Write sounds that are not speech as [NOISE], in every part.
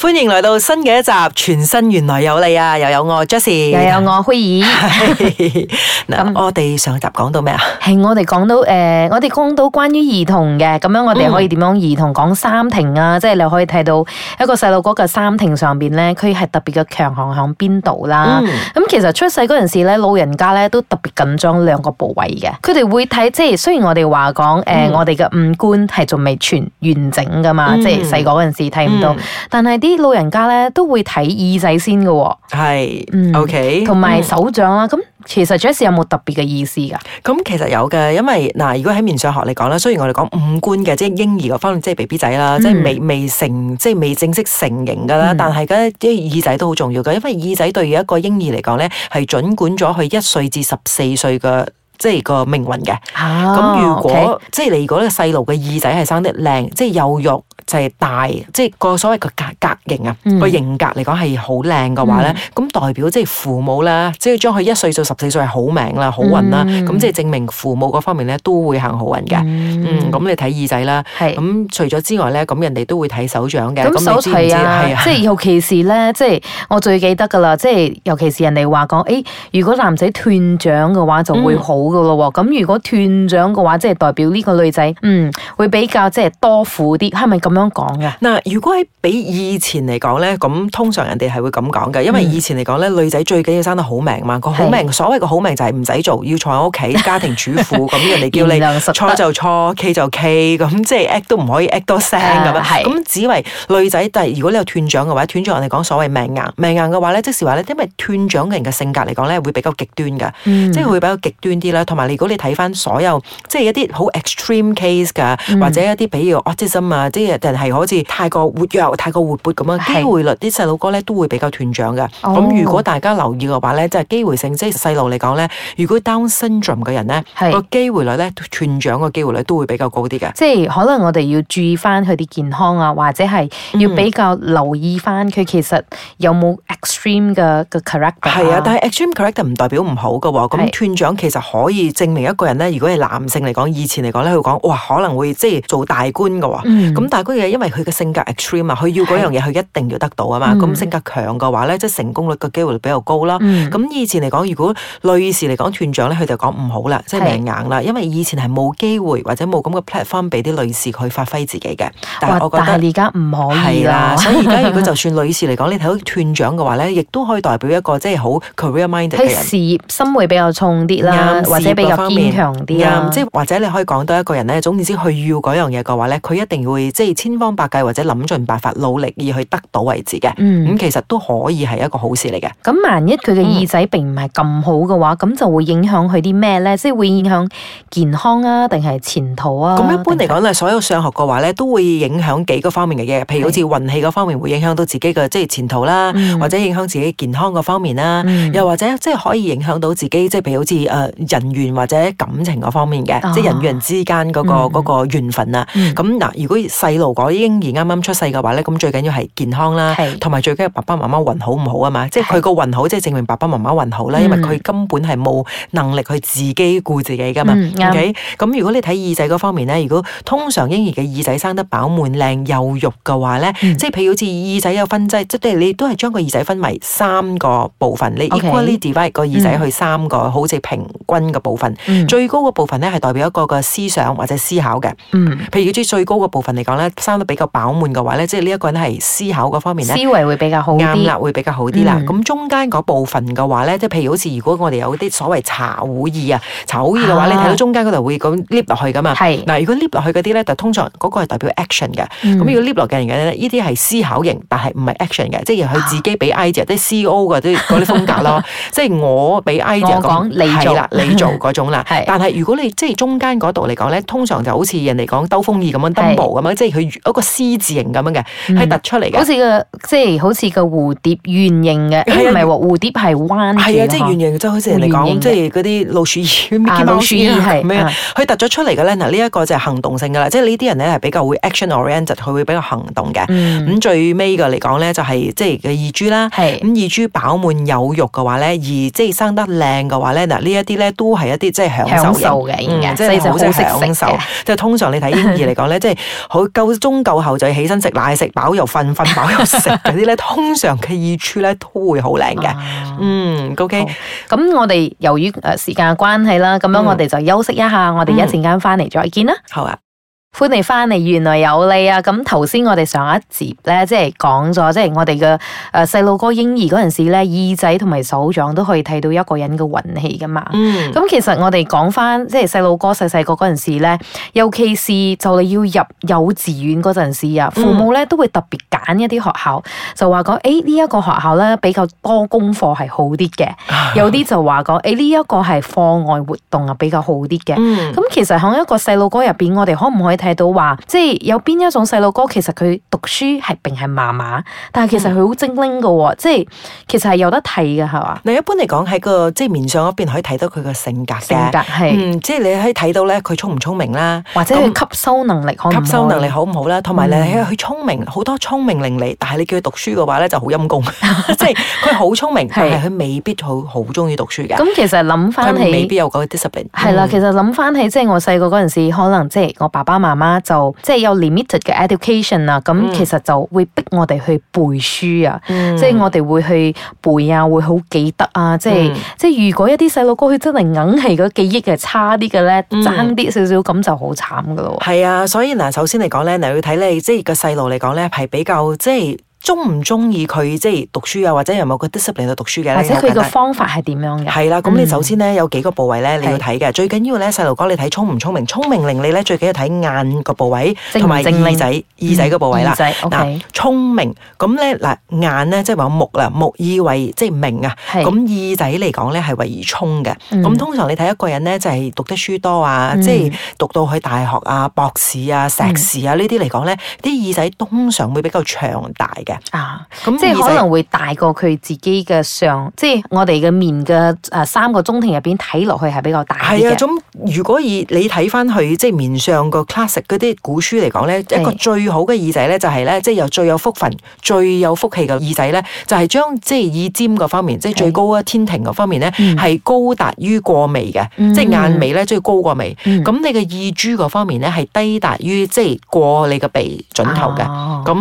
歡迎來到新嘅一集《全新玄來有理》啊，又有我 Jesse，又有我灰兒。咁我哋上集講到咩啊？係我哋講到誒，我哋講到關於兒童嘅，咁樣我哋可以點樣、嗯、兒童講三庭啊？即係你可以睇到一個細路哥嘅三庭上邊咧，佢係特別嘅強項喺邊度啦。咁、嗯、其實出世嗰陣時咧，老人家咧都特別緊張兩個部位嘅，佢哋會睇。即係雖然我哋話講誒，呃嗯、我哋嘅五官係仲未全完整噶嘛，嗯、即係細個嗰陣時睇唔到，嗯、但係啲。啲老人家咧都會睇耳仔先嘅，係是，嗯，OK，同埋手掌啦。咁、嗯、其實 Jess 有冇特別嘅意思噶？咁其實有嘅，因為嗱，如果喺面相學嚟講咧，雖然我哋講五官嘅，即係嬰兒嘅方面，就是寶寶嗯、即係 B B 仔啦，即係未未成，即係未正式成型噶啦，嗯、但係咧即係耳仔都好重要嘅，因為耳仔對於一個嬰兒嚟講咧，係管管咗佢一歲至十四歲嘅。即係個命運嘅，咁如果即係你如果個細路嘅耳仔係生得靚，即係有肉就係大，即係個所謂個格格型啊，個型格嚟講係好靚嘅話咧，咁代表即係父母啦，即係將佢一歲到十四歲係好命啦，好運啦，咁即係證明父母嗰方面咧都會行好運嘅。嗯，咁你睇耳仔啦，咁除咗之外咧，咁人哋都會睇手掌嘅，咁你知唔知啊？係啊，即係尤其是咧，即係我最記得㗎啦，即係尤其是人哋話講，誒如果男仔斷掌嘅話就會好。噶咁如果斷掌嘅話，即、就、係、是、代表呢個女仔，嗯，會比較即係、就是、多苦啲，係咪咁樣講嘅？嗱，如果喺比以前嚟講咧，咁通常人哋係會咁講嘅，因為以前嚟講咧，嗯、女仔最緊要生得好命嘛，個是的 好命，所謂個好命就係唔使做，要坐喺屋企家庭主婦咁，人哋 [LAUGHS] 叫你錯就錯，K 就 K，咁即係噏都唔可以噏多聲咁樣。咁、啊、只係女仔，但係如果你有斷掌嘅話，斷掌人哋講所謂命硬，命硬嘅話咧，即係話咧，因為斷掌嘅人嘅性格嚟講咧，會比較極端嘅，嗯、即係會比較極端啲啦。同埋，如果你睇翻所有，即係一啲好 extreme case 噶，或者一啲比如 autism 啊、嗯，即係人係好似太過活躍、太過活潑咁啊，是機會率啲細路哥咧都會比較斷掌嘅。咁、哦、如果大家留意嘅話咧，即、就、係、是、機會性，即係細路嚟講咧，如果 down syndrome 嘅人咧，是個機會率咧斷掌嘅機會率都會比較高啲嘅。即係可能我哋要注意翻佢啲健康啊，或者係要比較留意翻佢其實有冇 extreme 嘅嘅 character 係啊，但係 extreme correct 唔代表唔好嘅喎，咁斷掌其實可。可以證明一個人咧，如果係男性嚟講，以前嚟講咧，佢講哇，可能會即係做大官嘅，咁大官嘅，嗯、因為佢嘅性格 extreme 啊，佢要嗰樣嘢，佢一定要得到啊嘛。咁、嗯、性格強嘅話咧，即係成功率嘅機會比較高啦。咁、嗯、以前嚟講，如果女士嚟講斷掌咧，佢就講唔好啦，即係命硬啦。是因為以前係冇機會或者冇咁嘅 platform 俾啲女士去發揮自己嘅。但係我覺得而家唔可以啦。所以而家如果 [LAUGHS] 就算女士嚟講，你睇到斷掌嘅話咧，亦都可以代表一個即係好 career minded 嘅人。喺事業心會比較重啲啦。對或者比較堅強啲啊，即、嗯、係或者你可以講多一個人咧。總言之他，佢要嗰樣嘢嘅話咧，佢一定會即係千方百計或者諗盡辦法努力而去得到為止嘅。咁、嗯、其實都可以係一個好事嚟嘅。咁萬一佢嘅耳仔並唔係咁好嘅話，咁、嗯、就會影響佢啲咩咧？即係會影響健康啊，定係前途啊？咁一般嚟講咧，是所有上學嘅話咧，都會影響幾個方面嘅嘢，譬如好似運氣嗰方面會影響到自己嘅即係前途啦，嗯、或者影響自己健康嗰方面啦，嗯、又或者即係可以影響到自己，即係譬如好似誒人人緣或者感情嗰方面嘅，即係人與人之間嗰個嗰個緣分啊。咁嗱，如果細路個嬰兒啱啱出世嘅話咧，咁最緊要係健康啦，同埋最緊要爸爸媽媽運好唔好啊嘛。即係佢個運好，即係證明爸爸媽媽運好啦，因為佢根本係冇能力去自己顧自己噶嘛。O K，咁如果你睇耳仔嗰方面咧，如果通常嬰兒嘅耳仔生得飽滿靚幼肉嘅話咧，即係譬如好似耳仔有分劑，即係你都係將個耳仔分為三個部分，你 equally divide 個耳仔去三個，好似平均。部分，最高個部分咧係代表一個個思想或者思考嘅。譬如以最最高個部分嚟講咧，生得比較飽滿嘅話咧，即係呢一個人係思考嗰方面咧，思維會比較好啲，啱啦，會比較好啲啦。咁中間嗰部分嘅話咧，即係譬如好似如果我哋有啲所謂茶壺意啊、茶壺意嘅話，你睇到中間嗰度會咁 lift 落去噶嘛？係嗱，如果 lift 落去嗰啲咧，就通常嗰個係代表 action 嘅。咁如果 lift 落嘅人咧，呢啲係思考型，但係唔係 action 嘅，即係佢自己俾 idea，即係 C.O. 啲嗰啲風格咯。即係我俾 idea 講係啦，做嗰種啦，但係如果你即係中間嗰度嚟講咧，通常就好似人哋講兜風耳咁樣 double 咁樣，即係佢一個 C 字形咁樣嘅，係突出嚟嘅，好似個即係好似個蝴蝶圓形嘅，唔係喎，蝴蝶係彎嘅，係啊，即係圓形，即係好似人哋講，即係嗰啲老鼠耳啊，老鼠耳咁樣，佢突咗出嚟嘅咧。嗱呢一個就係行動性嘅啦，即係呢啲人咧係比較會 action oriented，佢會比較行動嘅。咁最尾嘅嚟講咧，就係即係嘅耳珠啦，咁耳珠飽滿有肉嘅話咧，而即係生得靚嘅話咧，嗱呢一啲咧都。都係一啲即係享受型嘅，嗯、即係好舒享受。是是即係通常你睇，嬰兒嚟講咧，即係好夠鐘夠後就，就起身食奶，食飽又瞓，瞓飽又食嗰啲咧， [LAUGHS] 通常嘅意處咧都會好靚嘅。嗯，OK。咁我哋由於誒、呃、時間關係啦，咁樣我哋就休息一下，嗯、我哋一陣間翻嚟再見啦。好啊。歡迎翻嚟，玄來有理啊！咁頭先我哋上一節咧，即係講咗，即係我哋嘅誒細路哥嬰兒嗰陣時咧，耳仔同埋手掌都可以睇到一個人嘅運氣噶嘛。咁、嗯、其實我哋講翻，即係細路哥細細個嗰陣時咧，尤其是就你要入幼稚園嗰陣時啊，嗯、父母咧都會特別揀一啲學校，就話講誒呢一個學校咧比較多功課係好啲嘅，有啲就話講誒呢一個係課外活動啊比較好啲嘅。咁、嗯、其實響一個細路哥入邊，我哋可唔可以？睇到話，即係有邊一種細路哥，其實佢讀書係並係麻麻，但係其實佢好精靈嘅喎、嗯那個，即係其實係有得睇嘅，係嘛？你一般嚟講喺個即係面上嗰邊可以睇到佢個性格嘅，性格係、嗯，即係你可以睇到咧，佢聰唔聰明啦，或者佢吸收能力能吸收能力好唔好啦，同埋咧，佢聰明好多聰明伶俐，但係你叫佢讀書嘅話咧就好陰功， [LAUGHS] 即係佢好聰明，是但係佢未必好好中意讀書嘅。咁其實諗翻起，未必有個 discipline 係啦、嗯，其實諗翻起即係我細個嗰陣時候，可能即係我爸爸媽媽媽媽就即係有 limited 嘅 education 啊，咁其實就會逼我哋去背書啊，嗯、即係我哋會去背啊，會好記得啊，即係、嗯、即係如果一啲細路哥佢真係硬係個記憶係差啲嘅咧，爭啲少少咁就好慘噶咯。係啊，所以嗱，首先嚟講咧，看你去睇你即係個細路嚟講咧，係比較即係。中唔中意佢即係讀書啊，或者有冇個 discipline 讀書嘅咧？或者佢個方法係點樣嘅？係啦，咁你首先咧有幾個部位咧你要睇嘅，最緊要咧細路哥你睇聰唔聰明，聰明伶俐咧最緊要睇眼個部位同埋耳仔，耳仔個部位啦。嗱，聰明咁咧，嗱眼咧即係話木啦，木意為即係明啊。咁耳仔嚟講咧係為而聰嘅。咁通常你睇一個人咧就係讀得書多啊，即係讀到去大學啊、博士啊、碩士啊呢啲嚟講咧，啲耳仔通常會比較長大嘅。啊，即係可能會大過佢自己嘅上，嗯、即係我哋嘅面嘅誒三個中庭入邊睇落去係比較大啲，係啊，咁如果以你睇翻佢，即係面上個 classic 嗰啲古書嚟講咧，是一個最好嘅耳仔咧就係、是、咧，即係由最有福分、最有福氣嘅耳仔咧，就係、是、將即係耳尖嗰方面，是即係最高嘅天庭嗰方面咧，係、嗯、高達於過眉嘅，嗯、即係眼眉咧即係高過眉。咁、嗯、你嘅耳珠嗰方面咧係低達於即係過你嘅鼻準頭嘅，咁、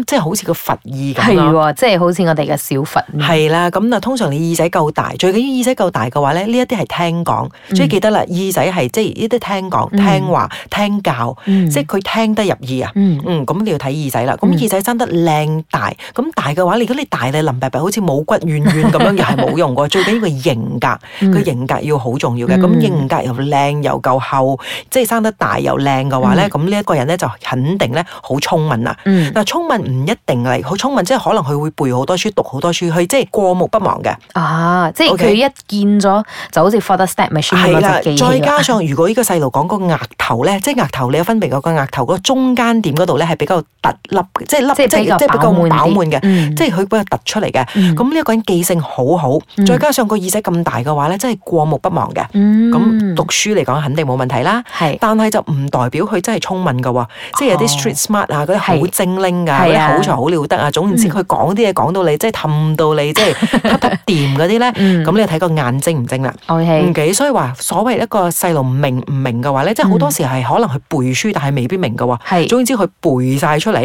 啊、即係好似個佛耳。係喎，即係、啊就是、好似我哋嘅小佛。係啦，咁嗱，通常你耳仔夠大，最緊要耳仔夠大嘅話咧，呢一啲係聽講，所以記得啦，耳仔係即係呢啲聽講、聽話、聽教，嗯、即係佢聽得入耳啊。咁你、嗯嗯、要睇耳仔啦。咁、嗯、耳仔生得靚大，咁大嘅話，如果你大你林伯好似冇骨軟軟咁樣，又係冇用嘅。 [LAUGHS] 最緊要個型格，佢型格要好重要嘅。咁、嗯、型格又靚又夠厚，即係生得大又靚嘅話咧，咁呢一個人咧就肯定咧好聰敏啦。嗱、嗯，聰敏唔一定係好聰明即係可能佢會背好多書，讀好多書，佢即係過目不忘嘅。啊，即係佢一見咗就好似 forget nothing。係啦，再加上如果呢個細路講個額頭咧，即係額頭你有分別個個額頭中間點嗰度咧係比較凸粒，即係粒即係比較飽滿嘅，即係佢比較突出嚟嘅。咁呢一個人記性好好，再加上個耳仔咁大嘅話咧，真係過目不忘嘅。咁讀書嚟講肯定冇問題啦。係，但係就唔代表佢真係聰明噶，即係有啲 street smart 啊，嗰啲好精靈噶，好才好了得啊知佢講啲嘢講到你，即係氹到你，即係睇得掂嗰啲咧，咁你睇個眼精唔精啦。唔幾，所以話所謂一個細路明唔明嘅話咧，即係好多時係可能佢背書，但係未必明嘅喎。總之，佢背晒出嚟。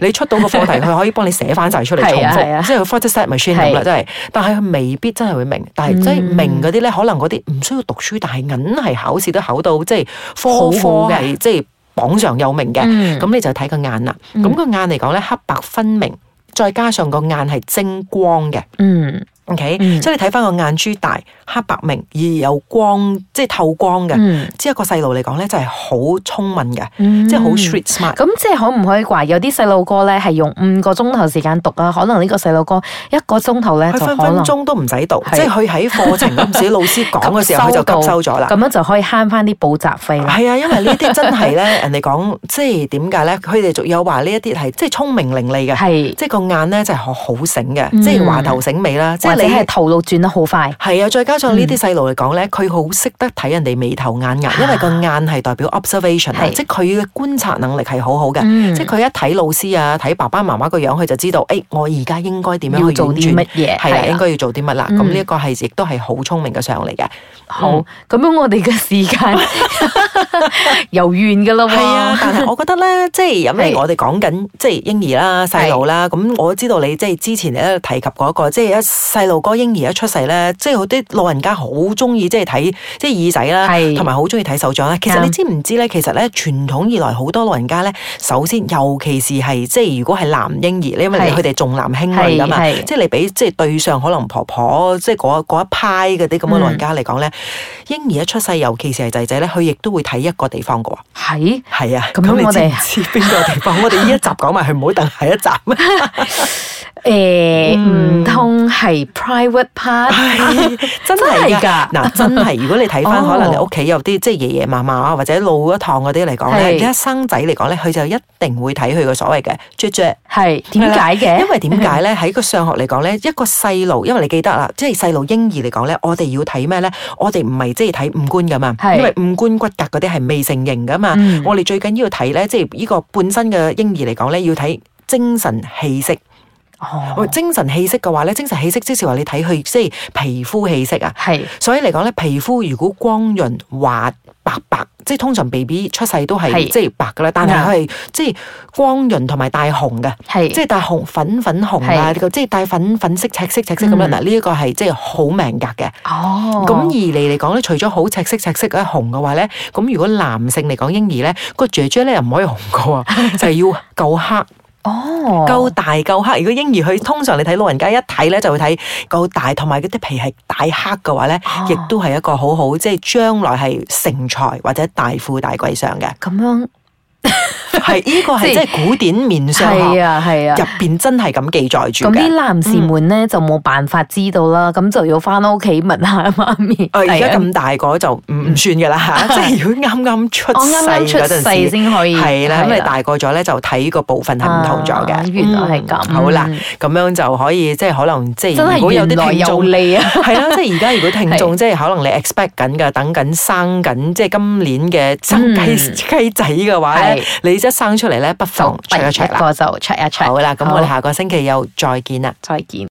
你出到個課題，佢可以幫你寫翻晒出嚟，重複即係 photostat machine 咁啦，真係。但係佢未必真係會明。但係即係明嗰啲咧，可能嗰啲唔需要讀書，但係硬係考試都考到即係科科嘅，即係榜上有名嘅。咁你就睇個眼啦。咁個眼嚟講咧，黑白分明。再加上個眼係精光嘅。嗯 O.K.，所以你睇翻個眼珠大、黑白明而有光，即係透光嘅，之後個細路嚟講咧，就係好聰明嘅，即係好 street smart。咁即係可唔可以話有啲細路哥咧係用五個鐘頭時間讀啊？可能呢個細路哥一個鐘頭咧，佢分分鐘都唔使讀，即係佢喺課程嗰時，老師講嘅時候，佢就吸收咗啦。咁樣就可以慳翻啲補習費啦。係啊，因為呢啲真係咧，人哋講即係點解咧？佢哋仲有話呢一啲係即係聰明伶俐嘅，即係個眼咧就係好醒嘅，即係話頭醒尾啦，即係。你係頭腦轉得好快，係啊！再加上呢啲細路嚟講咧，佢好識得睇人哋眉頭眼額，因為個眼係代表 observation，即係佢嘅觀察能力係好好嘅。即係佢一睇老師啊，睇爸爸媽媽個樣，佢就知道，誒，我而家應該點樣去做啲乜嘢？係啊，應該要做啲乜啦？咁呢一個係亦都係好聰明嘅相嚟嘅。好，咁樣我哋嘅時間又完㗎啦喎。係啊，但係我覺得咧，即係因為我哋講緊即係嬰兒啦、細路啦，咁我知道你即係之前咧提及嗰個，即係一細路嗰嬰兒一出世咧，即係好啲老人家好中意即係睇即係耳仔啦，同埋好中意睇手掌咧。其實你知唔知咧？是其實咧，傳統以來好多老人家咧，首先尤其是係即係如果係男嬰兒咧，因為佢哋重男輕女噶嘛，即係嚟俾即係對上可能婆婆即係嗰一派嗰啲咁嘅老人家嚟講咧，嬰兒、嗯、一出世，尤其是係仔仔咧，佢亦都會睇一個地方噶喎。係係是啊，咁你知唔知邊個地方？ [LAUGHS] 我哋呢一集講埋，佢唔好等下一集。 [LAUGHS] 誒，唔通係、欸嗯、private part [LAUGHS] 真的的 [LAUGHS] 真係噶嗱，真係。如果你睇翻，可能你屋企有啲即係爺爺嫲嫲啊，或者老一堂嗰啲嚟講咧，而家是生仔嚟講咧，佢就一定會睇佢個所謂嘅雀雀係點解嘅？因為點解咧？喺個上學嚟講咧，一個細路，因為你記得啦，即係細路嬰兒嚟講咧，我哋要睇咩咧？我哋唔係即係睇五官噶嘛，是因為五官骨骼嗰啲係未成型噶嘛。嗯、我哋最緊要睇咧，即係呢個本身嘅嬰兒嚟講咧，要睇精神氣息。哦、精神氣息嘅話咧，精神氣息即是話你睇佢即係皮膚氣息啊。係是，所以嚟講咧，皮膚如果光潤、滑、白白，即係通常 B B 出世都係即係白嘅啦。但係佢係即係光潤同埋帶紅嘅，是即係帶紅粉粉紅啊！呢是即係帶粉粉色、赤色、赤色咁啦。嗱，呢一個係即係好命格嘅。哦，咁而嚟嚟講咧，除咗好赤色、赤色咧紅嘅話咧，咁如果男性嚟講嬰兒咧、個 J J 咧又唔可以紅啊，就係、是、要夠黑。 [LAUGHS] 哦，夠大夠黑，如果嬰兒佢通常你睇老人家一睇咧，就會睇夠大，同埋嗰啲皮係大黑嘅話咧，亦都係一個好好，即係將來係成才或者大富大貴上嘅。咁樣。係呢個係即係古典面相，係啊係啊，入邊真係咁記載住。咁啲男士們咧就冇辦法知道啦，咁就要翻屋企問下媽咪。而家咁大個就唔唔算㗎啦嚇，即係如果啱啱出世啱啱出世先可以係啦，因為大個咗咧就睇個部分係唔同咗嘅。原來係咁。好啦，咁樣就可以即係可能即係如果有啲聽眾嚟啊，係啦，即係而家如果聽眾即係可能你 expect 緊㗎，等緊生緊即係今年嘅生雞雞仔嘅話咧，你生出嚟咧，不妨除一除啦。第一個就除一除啦。好啦，咁我哋下個星期又再見啦。再見。